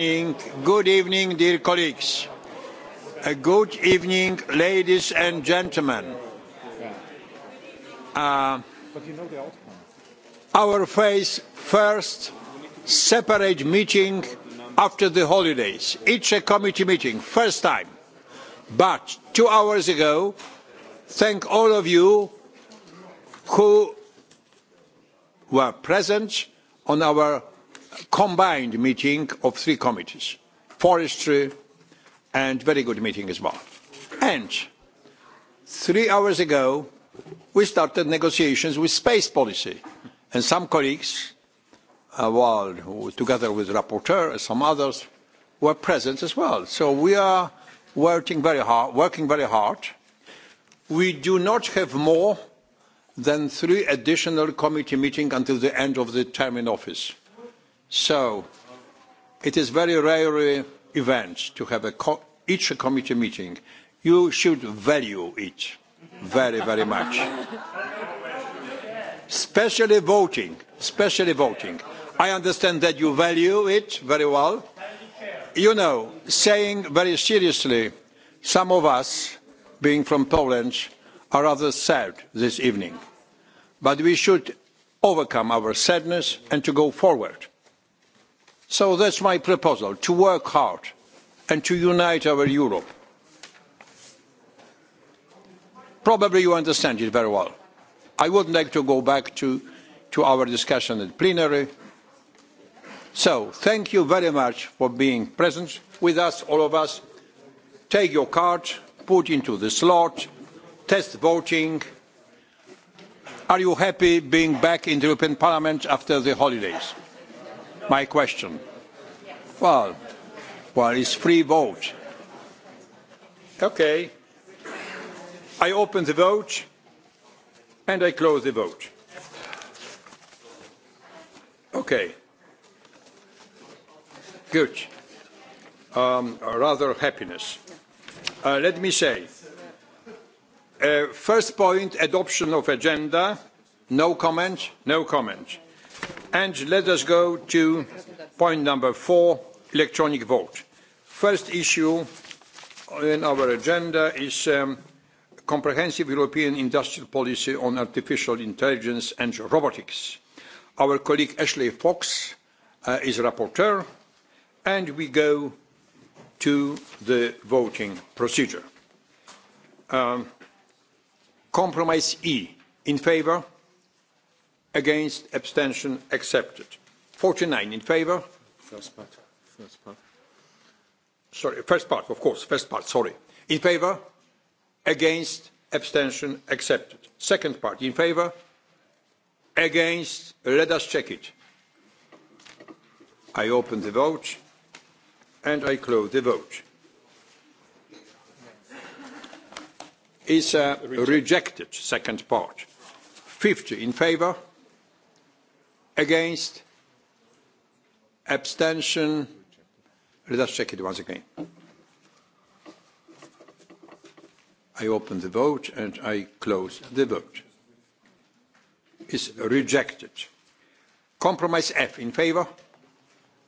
evening, good evening, dear colleagues. A good evening, ladies and gentlemen. Uh, our face first separate meeting after the holidays. It's a committee meeting, first time. But two hours ago, thank all of you who were present on our combined meeting of three committees, forestry, and very good meeting as well. And three hours ago, we started negotiations with space policy. And some colleagues, uh, well, together with the rapporteur and some others, were present as well. So we are working very hard. Working very hard. We do not have more than three additional committee meetings until the end of the term in office. So it is very rare event to have a co- each a committee meeting. You should value it very, very much. Especially voting, especially voting. I understand that you value it very well. You know, saying very seriously, some of us, being from Poland, are rather sad this evening. But we should overcome our sadness and to go forward So that's my proposal, to work hard and to unite our Europe. Probably you understand it very well. I would like to go back to, to our discussion in plenary. So thank you very much for being present with us, all of us. Take your card, put into the slot, test voting. Are you happy being back in the European Parliament after the holidays? my question. Well, well, it's free vote. Okay. I open the vote and I close the vote. Okay. Good. Um, rather happiness. Uh, let me say, uh, first point, adoption of agenda. No comment, no comment And let us go to point number four, electronic vote. First issue on our agenda is comprehensive European industrial policy on artificial intelligence and robotics. Our colleague Ashley Fox is rapporteur, and we go to the voting procedure. Compromise E, in favour? against abstention accepted 49 in favor first part first part sorry first part of course first part sorry in favor against abstention accepted second part in favor against let us check it i open the vote and i close the vote is uh, rejected second part 50 in favor Against? Abstention? Let us check it once again. I open the vote and I close the vote. Is rejected. Compromise F in favor?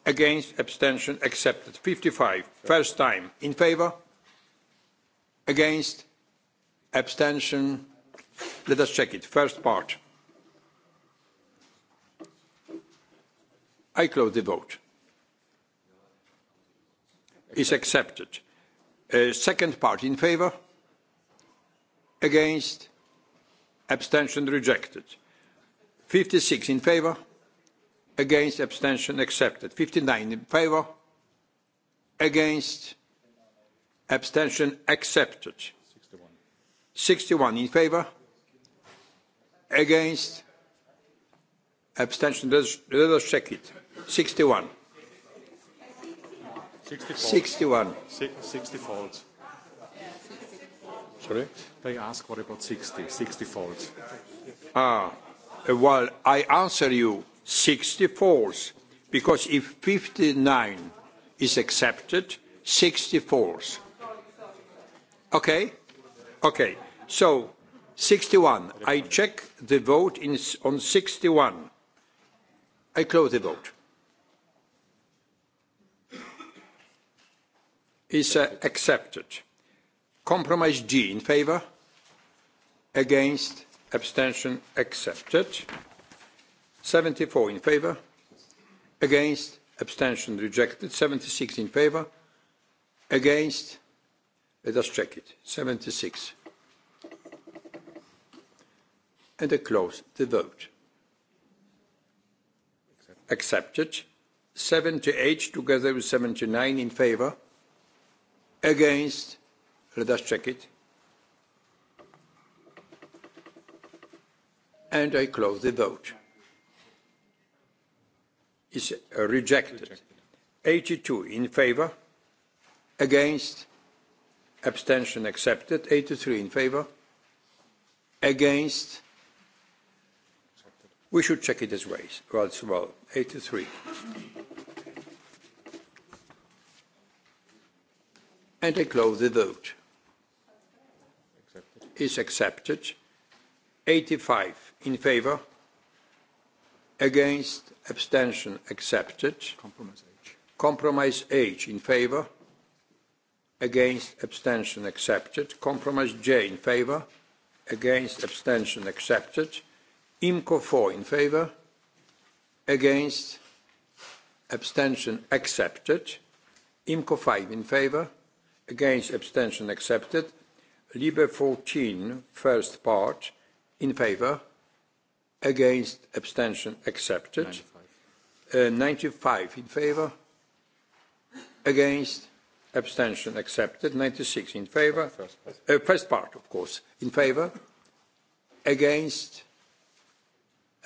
Against? Abstention? Accepted. 55. First time. In favor? Against? Abstention? Let us check it. First part. I close the vote. Is accepted. Second part in favor? Against? Abstention rejected. 56 in favor? Against? Abstention accepted. 59 in favor? Against? Abstention accepted. 61 in favor? Against? Abstention. Let us check it. 61. 61. 60 fold. Sorry? They ask what about 60, 60 folds. Ah, well, I answer you 60 folds, because if 59 is accepted, 60 folds. Okay? Okay. So, 61. I check the vote in, on 61. I close the vote. is accepted. Compromise G in favor, against, abstention accepted. 74 in favor, against, abstention rejected. 76 in favor, against, let us check it. 76. And I close the vote. Accepted. 78 together with 79 in favor, Against? Let us check it. And I close the vote. It's rejected. 82 in favor. Against? Abstention accepted. 83 in favor. Against? We should check it as well. Well, 83. and I close the vote. Is accepted. 85 in favor. Against, abstention accepted. Compromise H. Compromise H in favor. Against, abstention accepted. Compromise J in favor. Against, abstention accepted. IMCO 4 in favor. Against, abstention accepted. IMCO 5 in favor against abstention accepted. Libre 14, first part, in favor, against abstention accepted. 95 in favor, against abstention accepted. 96 in favor. First part, of course, in favor, against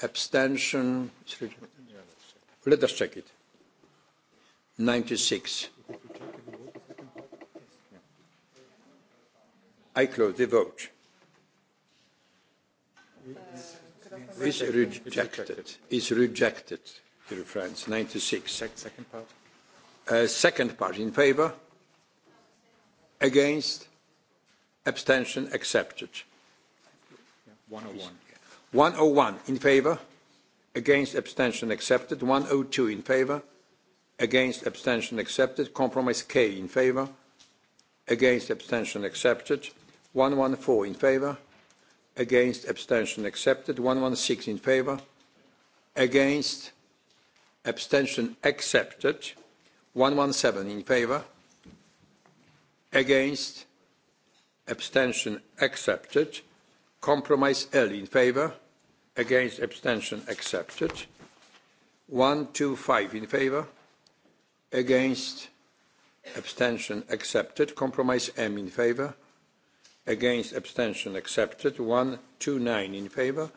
abstention. Let us check it. 96. I close the vote. Is rejected. Is rejected. Dear friends, 96. Second part. Uh, second part in favor. Against. Abstention accepted. 101. 101 in favor. Against abstention accepted. 102 in favor. Against abstention accepted. Compromise K in favor. Against abstention accepted. 114 in favour. Against, abstention accepted. 116 in favour. Against, abstention accepted. 117 in favour. Against, abstention accepted. Compromise L in favour. Against, abstention accepted. 125 in favour. Against, abstention accepted. Compromise M in favour against abstention accepted 129 in favor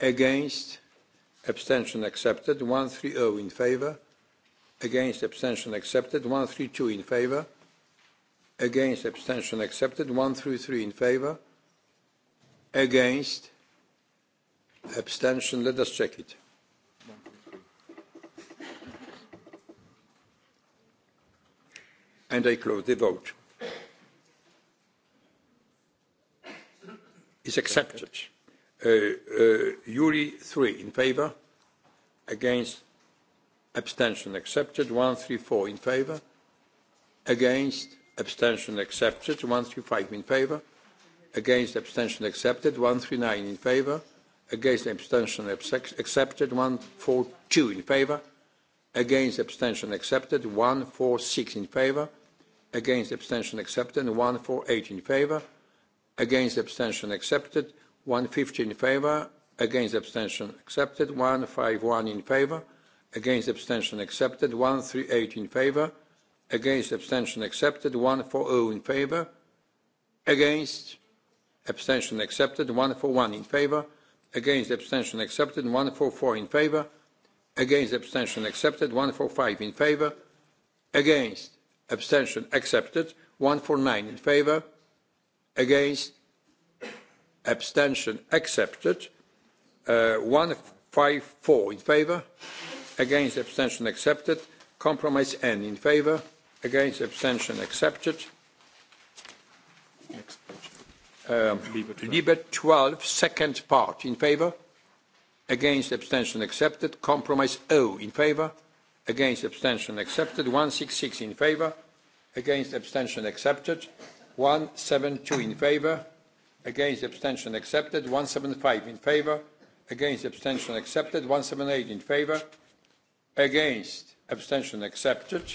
against abstention accepted 130 in favor against abstention accepted 132 in favor against abstention accepted 133 in favor against abstention let us check it and i close the vote is accepted. Uh, uh, Yuri 3 in favor, against, abstention accepted. 134 in favor, against, abstention accepted. 135 in favor, against, abstention accepted. 139 in favor, against, abstention accepted. 142 in favor, against, abstention accepted. 146 in favor, against, abstention accepted. 148 in favor against abstention accepted 150 in favor against abstention accepted 151 in favor against abstention accepted 138 in favor against abstention accepted 140 in favor against abstention accepted 141 in favor against abstention accepted 144 in favor against abstention accepted 145 in favor against abstention accepted 149 in favor against abstention accepted uh, 154 in favor against abstention accepted compromise n in favor against abstention accepted um, Libet 12 second part in favor against abstention accepted compromise o in favor against abstention accepted 166 in favor against abstention accepted 172 in favor, against abstention accepted. 175 in favor, against abstention accepted. 178 in favor, against abstention accepted.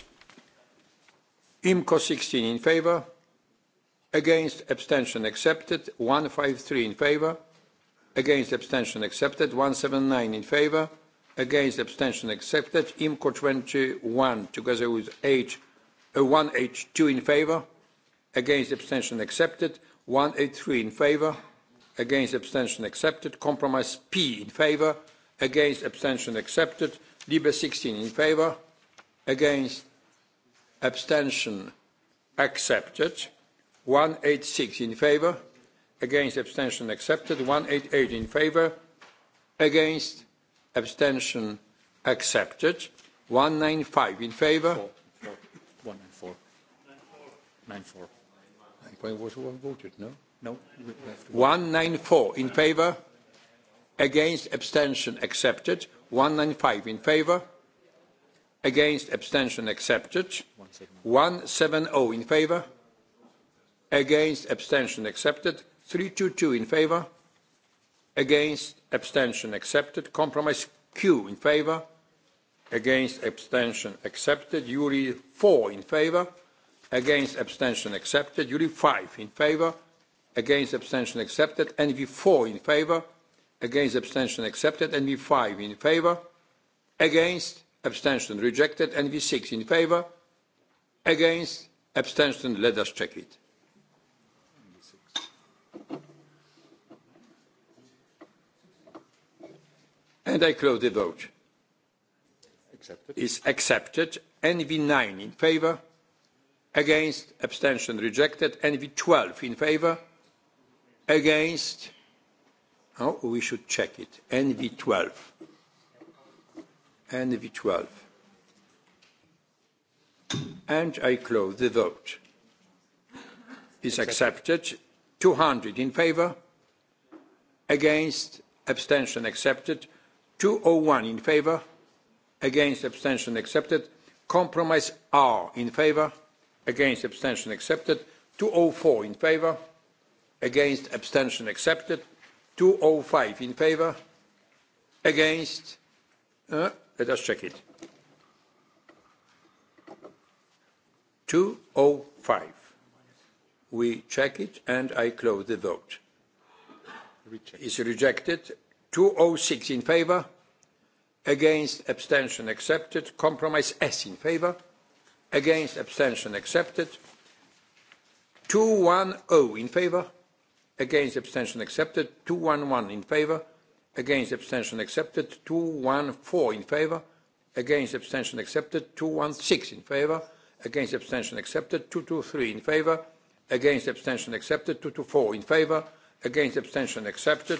IMCO 16 in favor, against abstention accepted. 153 in favor, against abstention accepted. 179 in favor, against abstention accepted. IMCO 21 together with H, uh, 182 in favor against abstention accepted 183 in favor against abstention accepted compromise p in favor against abstention accepted libe 16 in favor against abstention accepted 186 in favor against abstention accepted 188 in favor against abstention accepted 195 in favor 194 94 point was voted, no? No. 194 in favor, against abstention accepted. 195 in favor, against abstention accepted. 170 in favor, against abstention accepted. 322 in favor, against abstention accepted. Compromise Q in favor, against abstention accepted. Yuri 4 in favor, against abstention accepted. URI 5 in favor, against abstention accepted. NV 4 in favor, against abstention accepted. NV 5 in favor, against abstention rejected. NV 6 in favor, against abstention. Let us check it. And I close the vote. Accepted. Is accepted. NV9 in favor, against abstention rejected NV 12 in favor against oh we should check it NV 12 NV 12 and I close the vote is accepted 200 in favor against abstention accepted 201 in favor against abstention accepted compromise R in favor against abstention accepted 204 in favor against abstention accepted 205 in favor against uh, let us check it 205 we check it and i close the vote is rejected 206 in favor against abstention accepted compromise s in favor against abstention accepted 210 in favor against abstention accepted 211 in favor against abstention accepted 214 in favor against abstention accepted 216 in favor against abstention accepted 223 in favor against abstention accepted 224 in favor against abstention accepted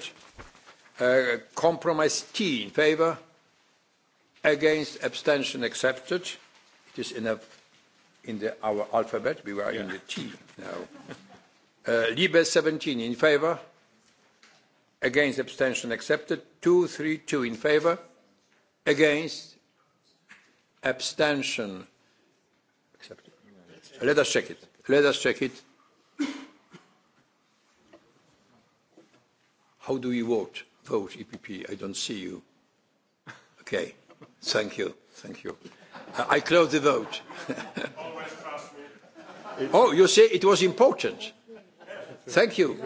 uh, compromise T in favor against abstention accepted it is enough in the, our alphabet. We were yeah. in the T now. Uh, Liebe 17 in favor. Against abstention accepted. 232 in favor. Against abstention accepted. Let us check it. Let us check it. How do we vote? Vote EPP. I don't see you. Okay. Thank you. Thank you. I close the vote. oh, you say it was important. Thank you.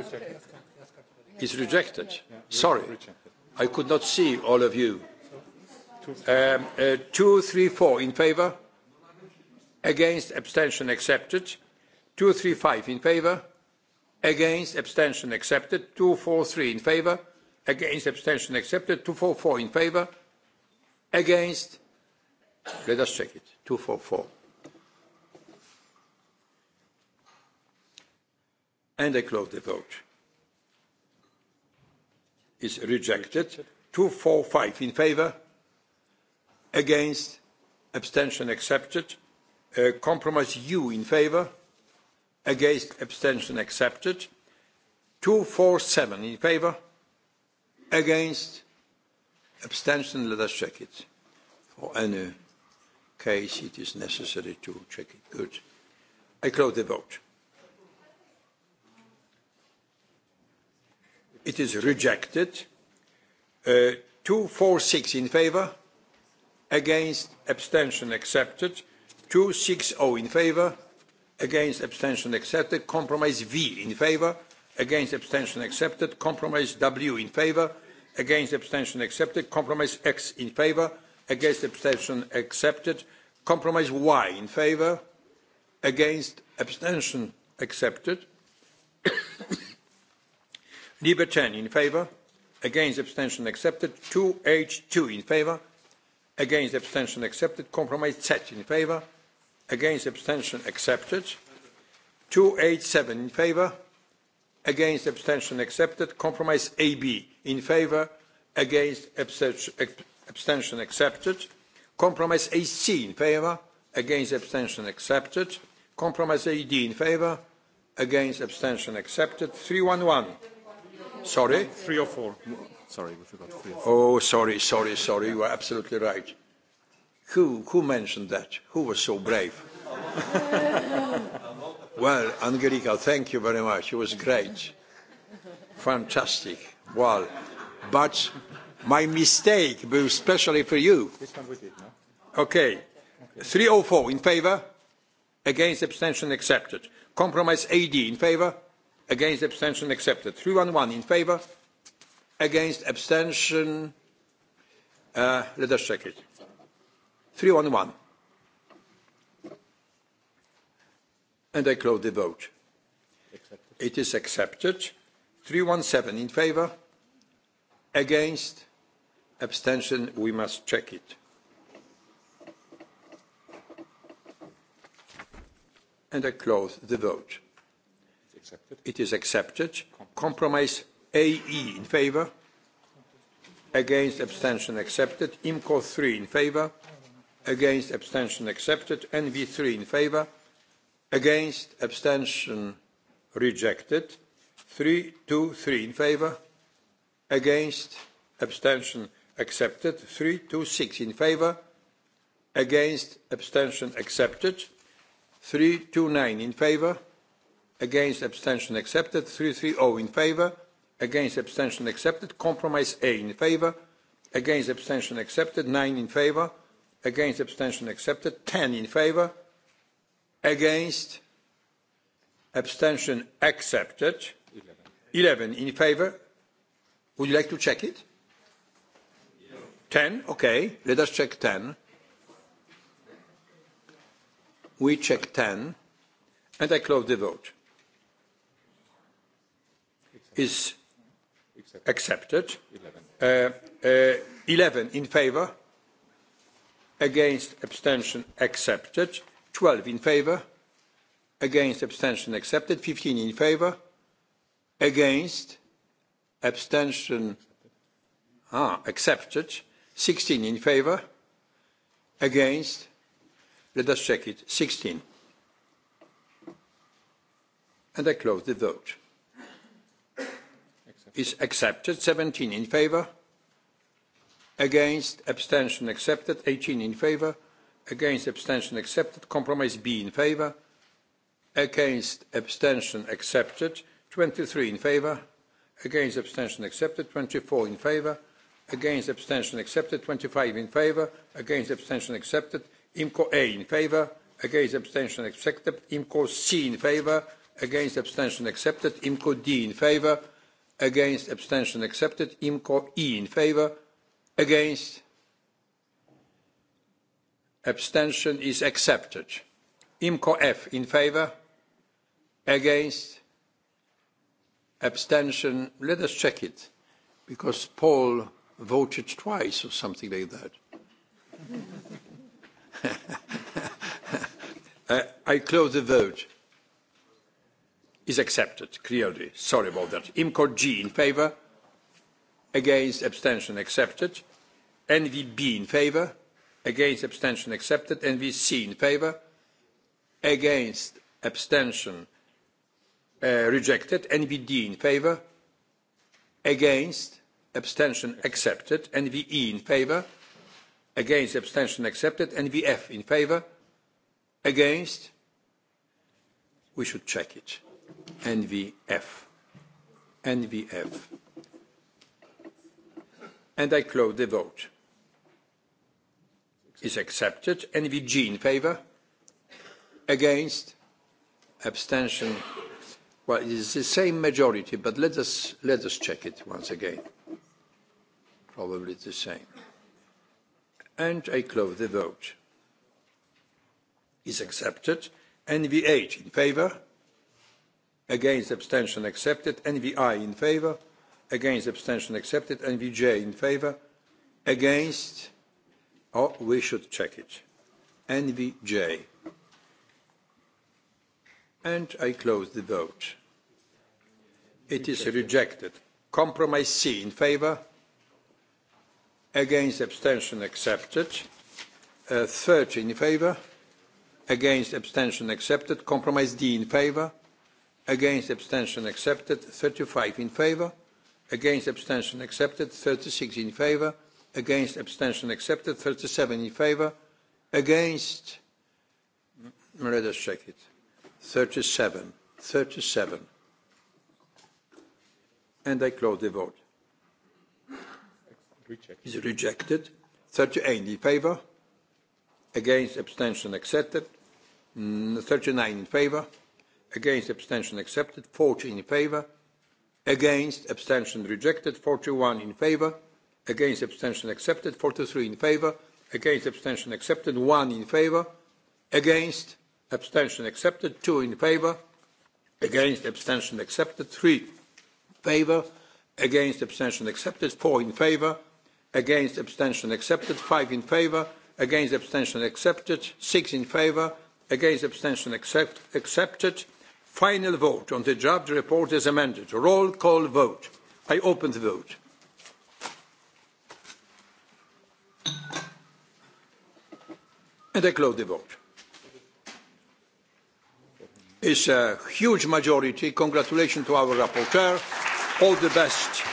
It's rejected. Sorry. I could not see all of you. Um, uh, two, three, four in favor. Against, abstention accepted. Two, three, five in favor. Against, abstention accepted. Two, four, three in favor. Against, abstention accepted. Two, four, four in favor. Against, Let us check it. 244. And I close the vote. Is rejected. 245 in favor. Against. Abstention accepted. Uh, compromise U in favor. Against. Abstention accepted. 247 in favor. Against. Abstention. Let us check it. For any case it is necessary to check it. Good. I close the vote. It is rejected. Uh, 246 in favor, against abstention accepted. 260 in favor, against abstention accepted. Compromise V in favor, against abstention accepted. Compromise W in favor, against abstention accepted. Compromise X in favor, against abstention accepted compromise y in favour against abstention accepted Libre 10 in favour against abstention accepted 2h2 in favour against abstention accepted compromise z in favour against abstention accepted 2H7 in favour against abstention accepted compromise ab in favour against abstention abstention accepted. Compromise AC in favour, against abstention accepted. Compromise AD in favour, against abstention accepted. 311. Sorry? Three or four. Sorry, we forgot three or four. Oh, sorry, sorry, sorry. You are absolutely right. Who, who mentioned that? Who was so brave? well, Angelica, thank you very much. It was great. Fantastic. Well, but My mistake, but especially for you. This one we did, no? Okay. 304 in favor, against abstention accepted. Compromise AD in favor, against abstention accepted. 311 in favor, against abstention. Uh, let us check it. 311. And I close the vote. It is accepted. 317 in favor, against abstention we must check it and i close the vote accepted. it is accepted compromise ae in favor against abstention accepted imco 3 in favor against abstention accepted nv3 in favor against abstention rejected 3 2 3 in favor against abstention rejected accepted. Three six in favor, against, abstention accepted. Three nine in favor, against, abstention accepted. Three three oh in favor, against, abstention accepted. Compromise A in favor, against, abstention accepted. Nine in favor, against, abstention accepted. Ten in favor, against, abstention accepted. 11 in favor. Would you like to check it? 10? Okay. Let us check 10. We check 10, and I close the vote. Is accepted. 11 in favor. Against abstention accepted. 12 in favor. Against abstention accepted. 15 in favor. Against abstention Ah accepted 16 in favor, against, let us check it, 16. And I close the vote. Is accepted, 17 in favor, against, abstention accepted, 18 in favor, against, abstention accepted, compromise B in favor, against, abstention accepted, 23 in favor, against, abstention accepted, 24 in favor, against abstention accepted 25 in favor against abstention accepted imco a in favor against abstention accepted imco c in favor against abstention accepted imco d in favor against abstention accepted imco e in favor against abstention is accepted imco f in favor against abstention let us check it because paul voted twice or something like that. uh, I close the vote. Is accepted, clearly. Sorry about that. IMCO G in favour. Against abstention accepted. NVB in favour. Against abstention accepted. NVC in favour. Against abstention uh, rejected. NVD in favour. Against abstention accepted NVE in favor against abstention accepted NVF in favor against we should check it NVF NVF and I close the vote is accepted NVG in favor against abstention well it is the same majority but let us let us check it once again Probably the same. And I close the vote. Is accepted. NV NV8 in favor. Against abstention accepted. NVI in favor. Against abstention accepted. NVJ in favor. Against. Oh, we should check it. NVJ. And I close the vote. It is rejected. Compromise C in favor against abstention accepted. Uh, 30 in favor, against abstention accepted. Compromise D in favor, against abstention accepted. 35 in favor, against abstention accepted. 36 in favor, against abstention accepted. 37 in favor, against, let us check it. 37, 37. And I close the vote is rejected. 38 in favour. against abstention accepted. 39 in favour. against abstention accepted. 40 in favour. against abstention rejected. 41 in favour. against abstention accepted. 43 in favour. against abstention accepted. 1 in favour. against abstention accepted. 2 in favour. against abstention accepted. 3 in favour. against abstention accepted. 4 in favour against abstention accepted, five in favour, against abstention accepted, six in favour, against abstention accept, accepted. Final vote on the draft report is amended. Roll call vote. I open the vote. And I close the vote. It's a huge majority. Congratulations to our rapporteur. All the best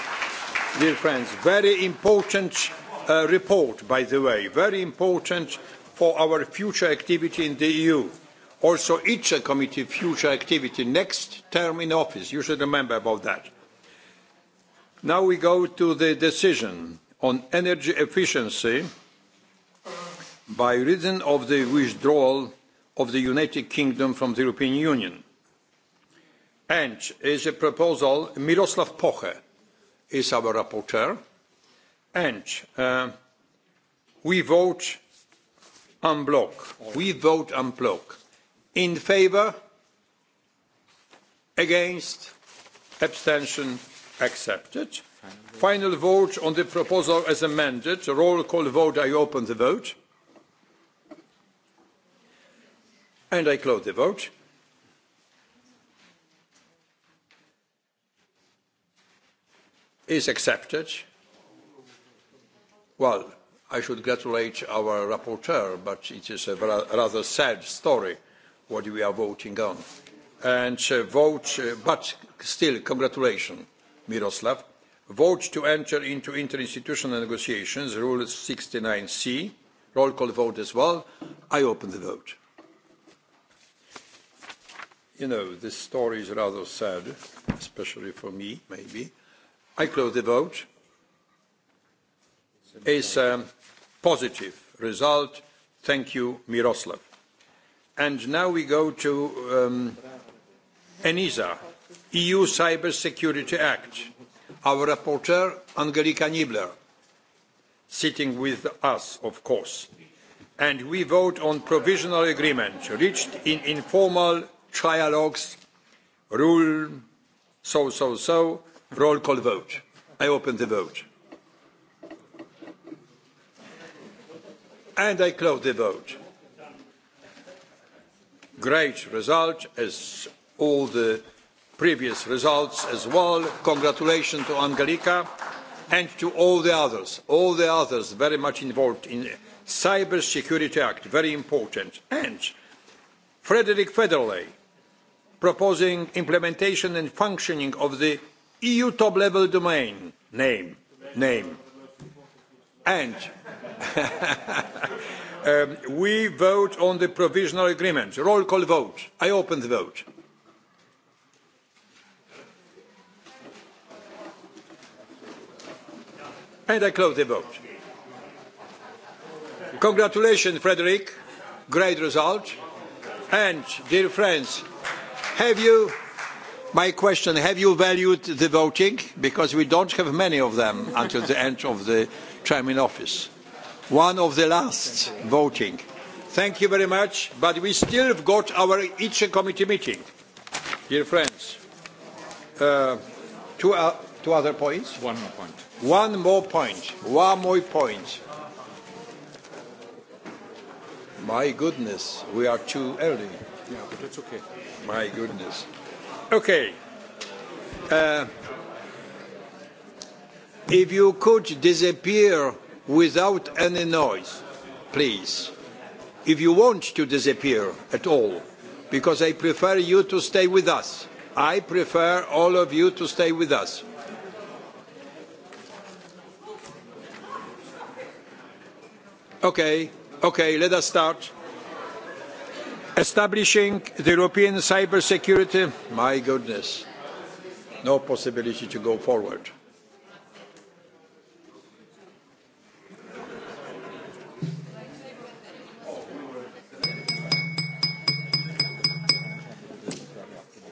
Dear friends, very important uh, report, by the way, very important for our future activity in the EU. Also, each committee future activity, next term in office. You should remember about that. Now we go to the decision on energy efficiency by reason of the withdrawal of the United Kingdom from the European Union. And is a proposal Miroslav Poche is our rapporteur, and uh, we vote en bloc. We vote en bloc. In favour, against, abstention accepted. Final vote on the proposal as amended. Roll call vote. I open the vote. And I close the vote. is accepted. Well, I should congratulate our rapporteur, but it is a rather sad story what we are voting on. And uh, vote, uh, but still, congratulations, Miroslav. Vote to enter into interinstitutional negotiations, Rule 69C. Roll call vote as well. I open the vote. You know, this story is rather sad, especially for me, maybe I close the vote. It's a positive result. Thank you, Miroslav. And now we go to ENISA, EU Cyber Security Act. Our rapporteur, Angelika Niebler, sitting with us, of course. And we vote on provisional agreement reached in informal trialogues, rule so, so, so, Roll call vote. I open the vote. And I close the vote. Great result, as all the previous results as well. Congratulations to Angelika and to all the others, all the others very much involved in Cyber Security Act, very important. And Frederick Federley proposing implementation and functioning of the EU top level domain name name. And um, we vote on the provisional agreement. Roll call vote. I open the vote. And I close the vote. Congratulations, Frederick. Great result. And, dear friends, have you My question, have you valued the voting? Because we don't have many of them until the end of the term in office. One of the last voting. Thank you very much, but we still have got our each committee meeting. Dear friends, uh, two, uh, two other points? One more point. One more point. One more point. My goodness, we are too early. Yeah, but it's okay. My goodness. Okay. Uh, if you could disappear without any noise, please. If you want to disappear at all, because I prefer you to stay with us. I prefer all of you to stay with us. Okay, okay, let us start establishing the European cyber security, my goodness, no possibility to go forward.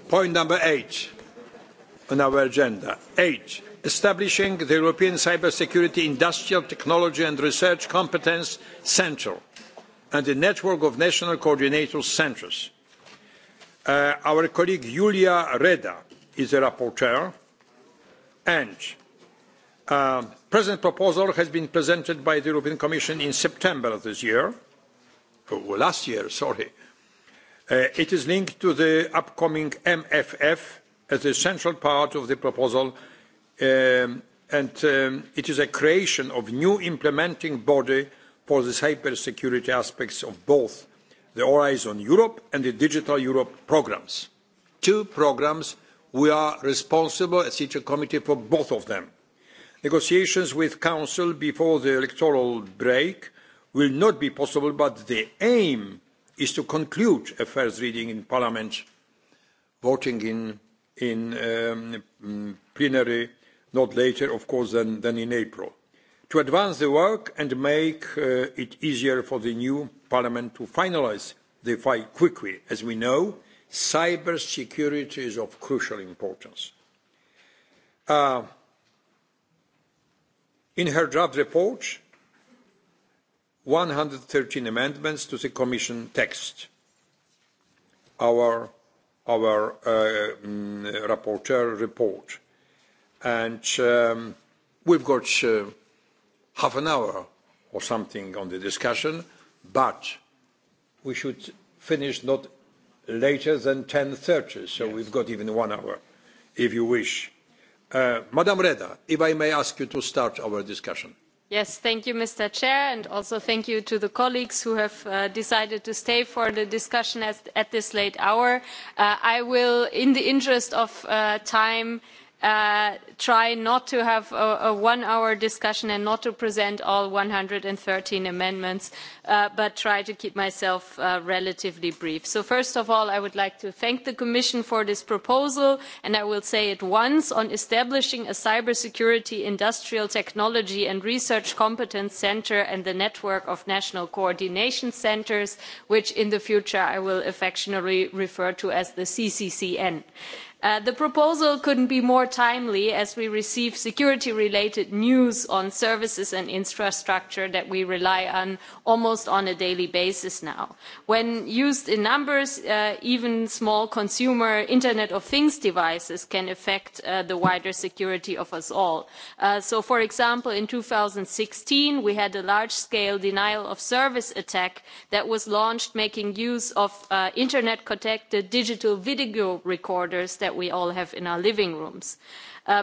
Point number eight on our agenda. Eight, establishing the European Cybersecurity Industrial Technology and Research Competence Central and a network of national coordinator centres. our colleague Julia Reda is the rapporteur, and the present proposal has been presented by the European Commission in September of this year, last year, sorry. it is linked to the upcoming MFF as a central part of the proposal and it is a creation of a new implementing body for the cybersecurity aspects of both the Horizon Europe and the Digital Europe programmes. Two programmes, we are responsible as each committee for both of them. Negotiations with Council before the electoral break will not be possible, but the aim is to conclude a first reading in Parliament, voting in, in plenary not later, of course, than, than in April to advance the work and make it easier for the new Parliament to finalise the file quickly. As we know, cyber security is of crucial importance. in her draft report, one hundred and thirteen amendments to the Commission text. Our, our rapporteur report. And we've got half an hour or something on the discussion, but we should finish not later than 10.30, so we've got even one hour, if you wish. Uh, Madam Reda, if I may ask you to start our discussion. Yes, thank you, Mr. Chair, and also thank you to the colleagues who have uh, decided to stay for the discussion at, at this late hour. Uh, I will, in the interest of uh, time, uh, try not to have a, one-hour discussion and not to present all one hundred and thirteen amendments, but try to keep myself relatively brief. So first of all, I would like to thank the Commission for this proposal, and I will say it once, on establishing a cybersecurity industrial technology and research competence centre and the network of national coordination centres, which in the future I will affectionately refer to as the CCCN the proposal could not be more timely as we receive security related news on services and infrastructure that we rely on almost on a daily basis now. when used in numbers even small consumer internet of things devices can affect the wider security of us all. so for example in two thousand and sixteen we had a large scale denial of service attack that was launched making use of internet connected digital video recorders that we all have in our living rooms.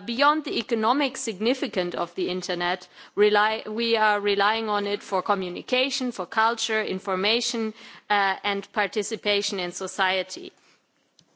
beyond the economic significance of the internet, we are relying on it for communication, for culture, information, and participation in society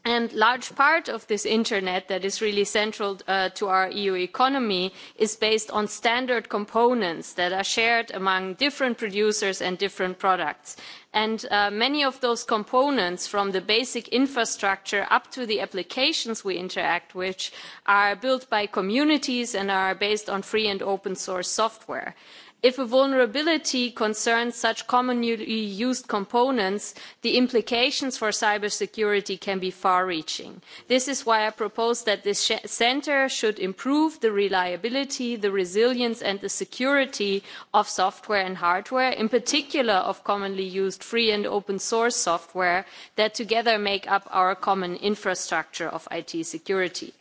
a large part of this internet that is really central to our EU economy is based on standard components that are shared among different producers and different products. And many of those components, from the basic infrastructure up to the applications we interact with, are built by communities and are based on free and open source software if a vulnerability concerns such commonly used components the implications for cybersecurity can be far reaching. this is why i propose that this centre should improve the reliability the resilience and the security of software and hardware in particular of commonly used free and open source software that together make up our common infrastructure of it security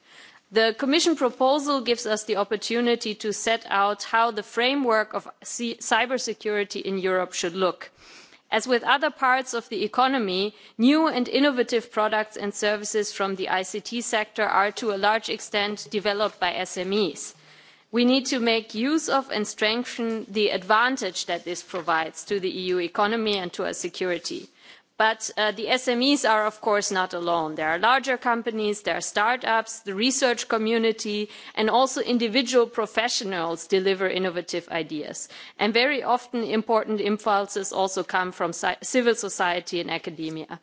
the commission proposal gives us the opportunity to set out how the framework of cybersecurity in europe should look. as with other parts of the economy new and innovative products and services from the ict sector are to a large extent developed by smes. we need to make use of and strengthen the advantage that this provides to the eu economy and to our security. But the SMEs are, of course, not alone. There are larger companies, there are start ups, the research community, and also individual professionals deliver innovative ideas. And very often, important impulses also come from civil society and academia.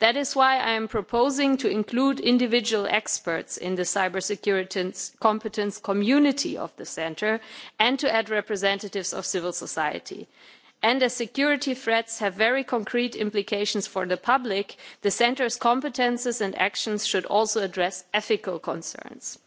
That is why I am proposing to include individual experts in the cybersecurity competence community of the centre and to add representatives of civil society and as security threats have very concrete implications for the public the centre's competences and actions should also address ethical concerns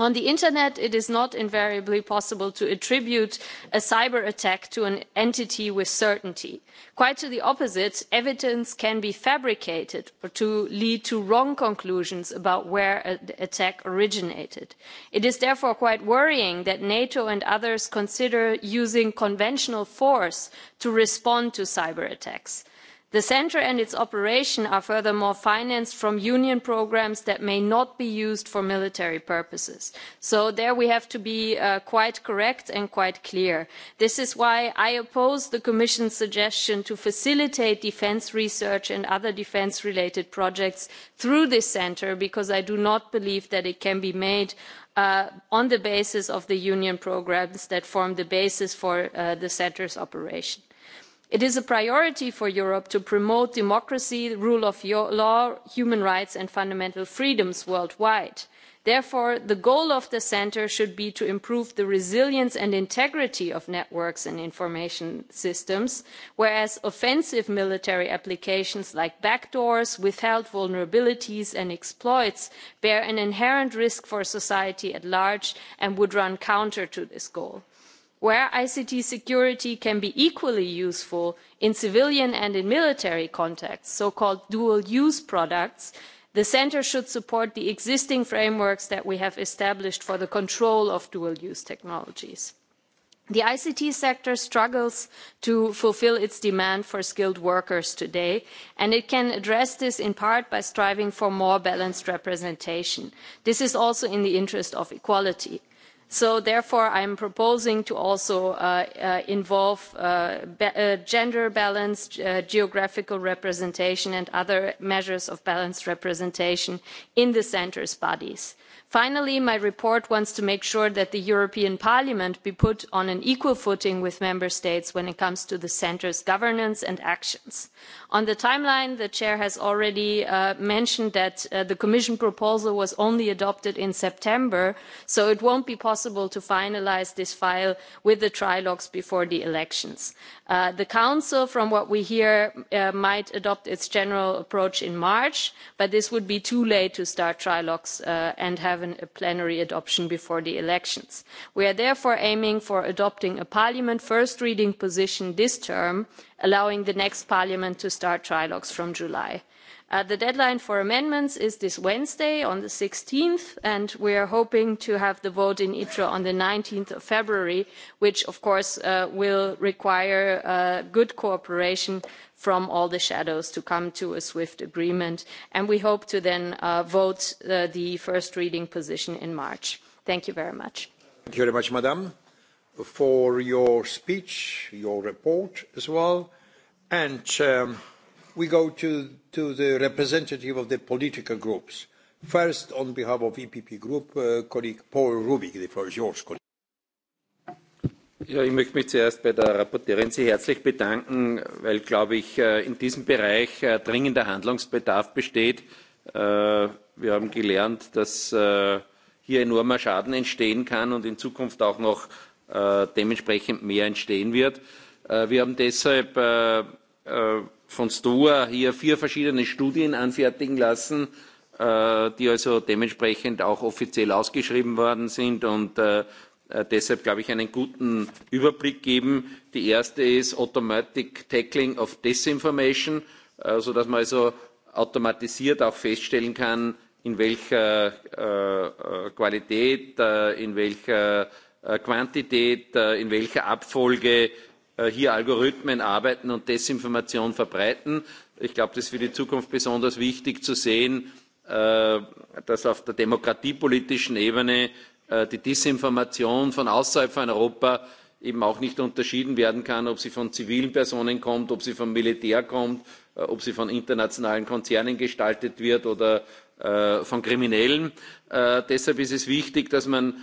on the internet it is not invariably possible to attribute a cyber attack to an entity with certainty quite to the opposite evidence can be fabricated to lead to wrong conclusions about where an attack originated. it is therefore quite worrying that nato and others consider using conventional force to respond to cyber attacks the centre and its operation are furthermore financed from union programmes that may not be used for military purposes so there we have to be quite correct and quite clear. this is why i oppose the commission's suggestion to facilitate defence research and other defence related projects through this centre because i do not believe that it can be made on the basis of the union programmes that form the basis for the centre's operation it is a priority for europe to promote democracy the rule of law human rights and fundamental freedoms worldwide. therefore the goal of the centre should be to improve the resilience and integrity of networks and information systems whereas offensive military applications like backdoors withheld vulnerabilities and exploits bear an inherent risk for society at large and would run counter to this goal where ict security can be equally useful in civilian and in military contexts so called dual use products the centre should support the existing frameworks that we have established for the control of dual use technologies. the ict sector struggles to fulfil its demand for skilled workers today and it can address this in part by striving for more balanced representation. this is also in the interest of equality. So therefore, I am proposing to also involve gender balance, geographical representation, and other measures of balanced representation in the centre's bodies finally my report wants to make sure that the european parliament be put on an equal footing with member states when it comes to the centre's governance and actions. on the timeline the chair has already mentioned that the commission proposal was only adopted in september so it won't be possible to finalise this file with the trilogues before the elections the council from what we hear might adopt its general approach in march but this would be too late to start trilogues and have a plenary adoption before the elections. we are therefore aiming for adopting a parliament first reading position this term allowing the next parliament to start trilogues from july the deadline for amendments is this Wednesday on the sixteenth and we are hoping to have the vote in ITRA on the nineteenth of February, which of course will require good cooperation from all the shadows to come to a swift agreement. And we hope to then vote the first reading position in March. Thank you very much. Thank you very much, Madam, for your speech, your report as well. And we go to, to the representative of the political groups. First, on behalf of EPP Group, uh, colleague Paul Rubik, the floor is yours. Colleague. Ja, ich möchte mich zuerst bei der Rapporteurin sehr herzlich bedanken, weil, glaube ich, in diesem Bereich dringender Handlungsbedarf besteht. Wir haben gelernt, dass hier enormer Schaden entstehen kann und in Zukunft auch noch dementsprechend mehr entstehen wird. Wir haben deshalb von Stoa hier vier verschiedene Studien anfertigen lassen, die also dementsprechend auch offiziell ausgeschrieben worden sind und deshalb, glaube ich, einen guten Überblick geben. Die erste ist Automatic Tackling of Disinformation, sodass man also automatisiert auch feststellen kann, in welcher Qualität, in welcher Quantität, in welcher Abfolge hier Algorithmen arbeiten und Desinformation verbreiten. Ich glaube, das ist für die Zukunft besonders wichtig zu sehen, dass auf der demokratiepolitischen Ebene die Desinformation von außerhalb von Europa eben auch nicht unterschieden werden kann, ob sie von zivilen Personen kommt, ob sie vom Militär kommt, ob sie von internationalen Konzernen gestaltet wird oder von Kriminellen. Deshalb ist es wichtig, dass man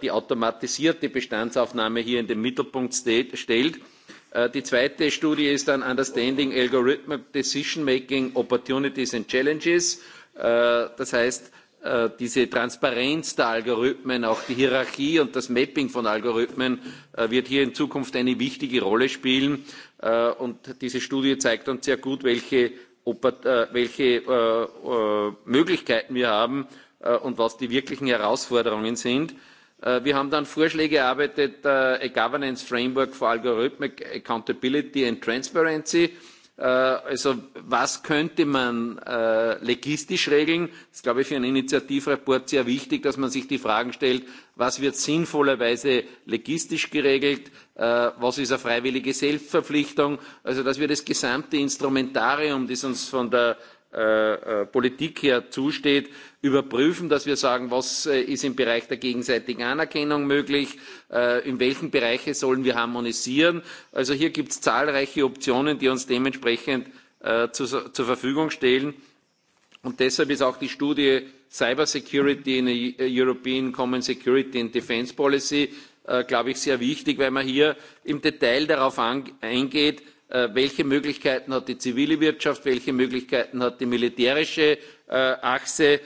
die automatisierte Bestandsaufnahme hier in den Mittelpunkt stellt Die zweite Studie ist dann Understanding Algorithmic Decision Making Opportunities and Challenges. Das heißt, diese Transparenz der Algorithmen, auch die Hierarchie und das Mapping von Algorithmen wird hier in Zukunft eine wichtige Rolle spielen. Und diese Studie zeigt uns sehr gut, welche, Möglichkeiten wir haben und was die wirklichen Herausforderungen sind Wir haben dann Vorschläge erarbeitet, a Governance Framework for Algorithmic Accountability and Transparency. Also was könnte man legistisch regeln? Das ist, glaube ich, für einen Initiativreport sehr wichtig, dass man sich die Fragen stellt, was wird sinnvollerweise legistisch geregelt, was ist eine freiwillige Selbstverpflichtung, also dass wir das gesamte Instrumentarium, das uns von der Politik her zusteht, überprüfen, dass wir sagen, was ist im Bereich der gegenseitigen Anerkennung möglich, in welchen Bereichen sollen wir harmonisieren. Also hier gibt es zahlreiche Optionen, die uns dementsprechend zur Verfügung stehen. Und deshalb ist auch die Studie Cyber Security in a European Common Security and Defence Policy, glaube ich, sehr wichtig, weil man hier im Detail darauf eingeht, welche Möglichkeiten hat die zivile Wirtschaft, welche Möglichkeiten hat die militärische Achse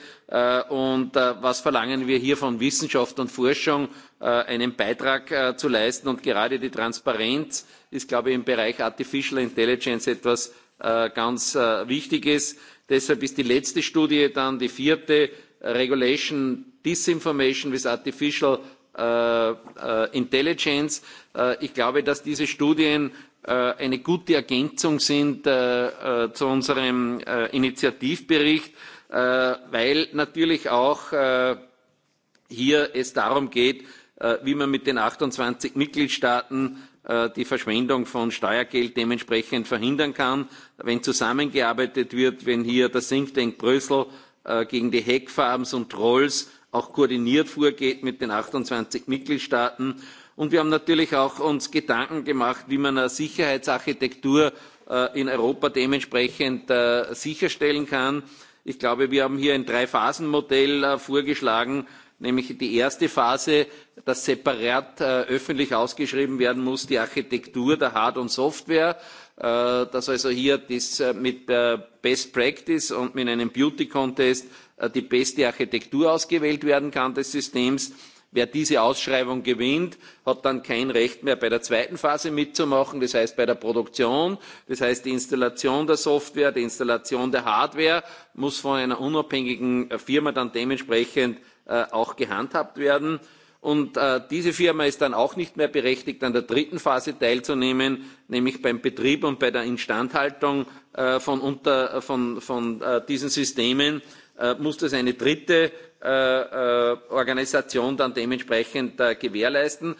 und was verlangen wir hier von Wissenschaft und Forschung, einen Beitrag zu leisten. Und gerade die Transparenz ist, glaube ich, im Bereich Artificial Intelligence etwas ganz Wichtiges. Deshalb ist die letzte Studie dann die vierte Regulation Disinformation with Artificial Intelligence. Ich glaube, dass diese Studien eine gute Ergänzung sind zu unserem Initiativbericht, weil natürlich auch hier es darum geht, wie man mit den 28 Mitgliedstaaten die Verschwendung von Steuergeld dementsprechend verhindern kann. Wenn zusammengearbeitet wird, wenn hier der Think Tank Brüssel gegen die Hackfarms und Trolls auch koordiniert vorgeht mit den 28 Mitgliedstaaten, Und wir haben natürlich auch uns Gedanken gemacht, wie man eine Sicherheitsarchitektur in Europa dementsprechend sicherstellen kann. Ich glaube, wir haben hier ein Drei-Phasen-Modell vorgeschlagen, nämlich die erste Phase, dass separat öffentlich ausgeschrieben werden muss, die Architektur der Hard- und Software, dass also hier das mit Best Practice und mit einem Beauty Contest die beste Architektur ausgewählt werden kann des Systems Wer diese Ausschreibung gewinnt, hat dann kein Recht mehr bei der zweiten Phase mitzumachen, das heißt bei der Produktion, das heißt die Installation der Software, die Installation der Hardware muss von einer unabhängigen Firma dann dementsprechend auch gehandhabt werden. Und diese Firma ist dann auch nicht mehr berechtigt, an der dritten Phase teilzunehmen, nämlich beim Betrieb und bei der Instandhaltung von, diesen Systemen muss das eine dritte Organisation dann dementsprechend gewährleisten.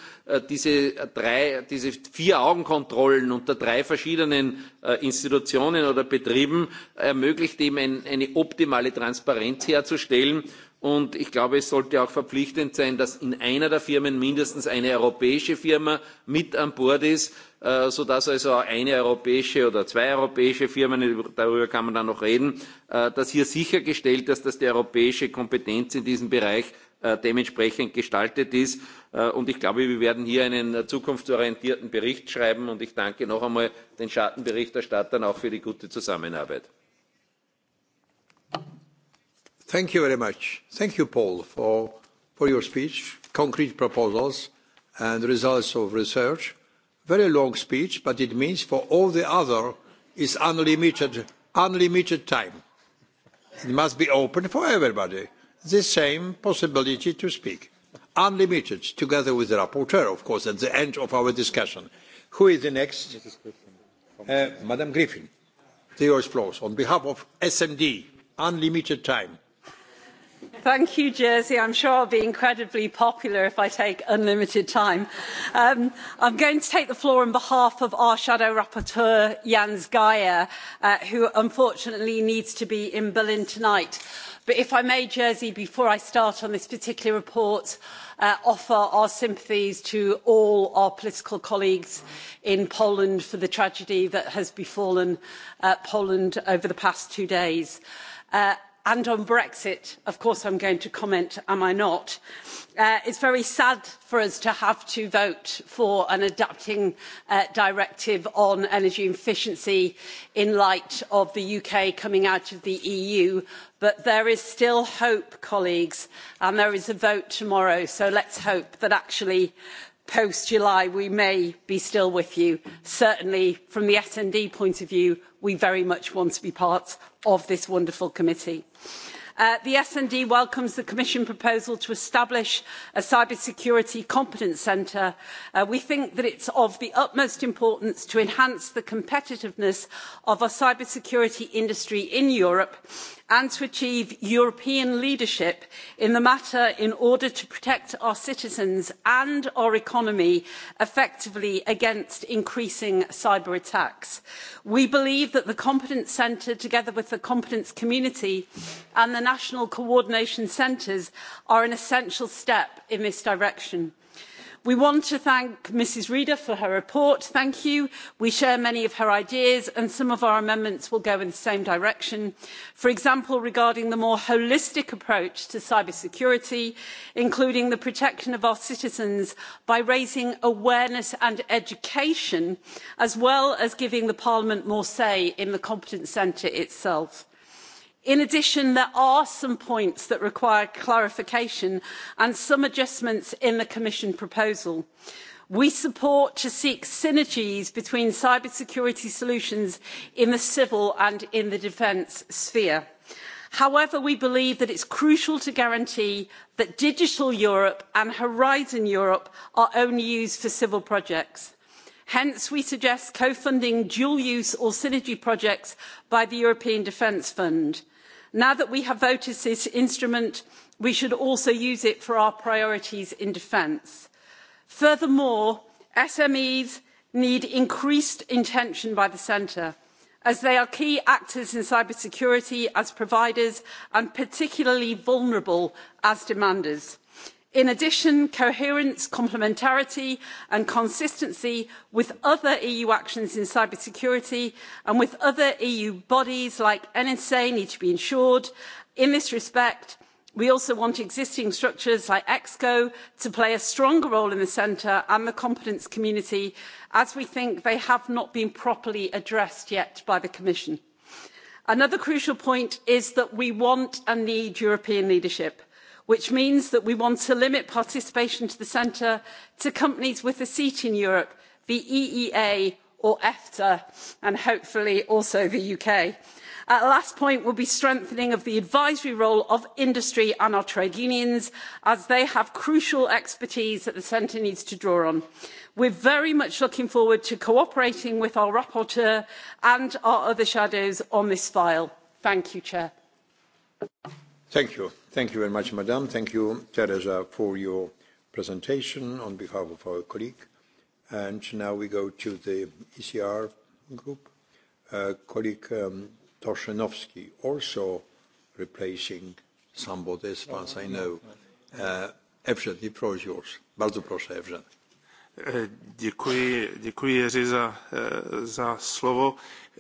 Diese drei, diese vier Augenkontrollen unter drei verschiedenen Institutionen oder Betrieben ermöglicht eben eine optimale Transparenz herzustellen Und ich glaube, es sollte auch verpflichtend sein, dass in einer der Firmen mindestens eine europäische Firma mit an Bord ist, sodass also eine europäische oder zwei europäische Firmen, darüber kann man dann noch reden, dass hier sichergestellt ist, dass die europäische Kompetenz in diesem Bereich dementsprechend gestaltet ist. Und ich glaube, wir werden hier einen zukunftsorientierten Bericht schreiben. Und ich danke noch einmal den Schattenberichterstattern auch für die gute Zusammenarbeit. Thank you very much. Thank you, Paul, for, for your speech, concrete proposals and results of research. Very long speech, but it means for all the other is unlimited, unlimited time. It must be open for everybody. The same possibility to speak. Unlimited, together with the rapporteur, of course, at the end of our discussion. Who is the next? Uh, Madam Griffin. The floors on behalf of SMD. Unlimited time. Thank you, Jersey. I'm sure I'll be incredibly popular if I take unlimited time. Um, I'm going to take the floor on behalf of our shadow rapporteur, Jans Geier, uh, who unfortunately needs to be in Berlin tonight. But if I may, Jersey, before I start on this particular report, uh, offer our sympathies to all our political colleagues in Poland for the tragedy that has befallen uh, Poland over the past two days. Uh, and on brexit of course I'm going to comment am i not? It's very sad for us to have to vote for an adapting directive on energy efficiency in light of the uk coming out of the eu but there is still hope colleagues and there is a vote tomorrow so let's hope that actually post july we may be still with you. certainly from the sd point of view we very much want to be part of this wonderful committee. the sd welcomes the commission proposal to establish a cybersecurity competence centre. we think that it is of the utmost importance to enhance the competitiveness of our cybersecurity industry in europe and to achieve European leadership in the matter in order to protect our citizens and our economy effectively against increasing cyber attacks. We believe that the Competence Centre, together with the Competence Community and the National Coordination Centres, are an essential step in this direction we want to thank ms reda for her report thank you. we share many of her ideas and some of our amendments will go in the same direction for example regarding the more holistic approach to cybersecurity including the protection of our citizens by raising awareness and education as well as giving parliament more say in the competence centre itself in addition there are some points that require clarification and some adjustments in the commission proposal. we support to seek synergies between cybersecurity solutions in the civil and in the defence sphere. however we believe that it's crucial to guarantee that digital europe and horizon europe are only used for civil projects. Hence, we suggest co-funding dual-use or synergy projects by the European Defence Fund now that we have voted this instrument we should also use it for our priorities in defence. furthermore smes need increased intention by the centre as they are key actors in cybersecurity as providers and particularly vulnerable as demanders. In addition, coherence, complementarity and consistency with other EU actions in cybersecurity and with other EU bodies like NSA need to be ensured. In this respect, we also want existing structures like EXCO to play a stronger role in the centre and the competence community as we think they have not been properly addressed yet by the Commission. Another crucial point is that we want and need European leadership which means that we want to limit participation to the centre to companies with a seat in Europe, the EEA or EFTA, and hopefully also the UK. Our last point will be strengthening of the advisory role of industry and our trade unions, as they have crucial expertise that the Centre needs to draw on. We're very much looking forward to cooperating with our rapporteur and our other shadows on this file. Thank you, Chair. Thank you. Thank you very much, madam. Thank you, Teresa, for your presentation on behalf of our colleague. And now we go to the ECR group. Uh, colleague um, also replacing somebody, as far as I know. Uh, the floor is yours. Bardzo proszę, Evgen. Děkuji, děkuji Jeři za, za slovo.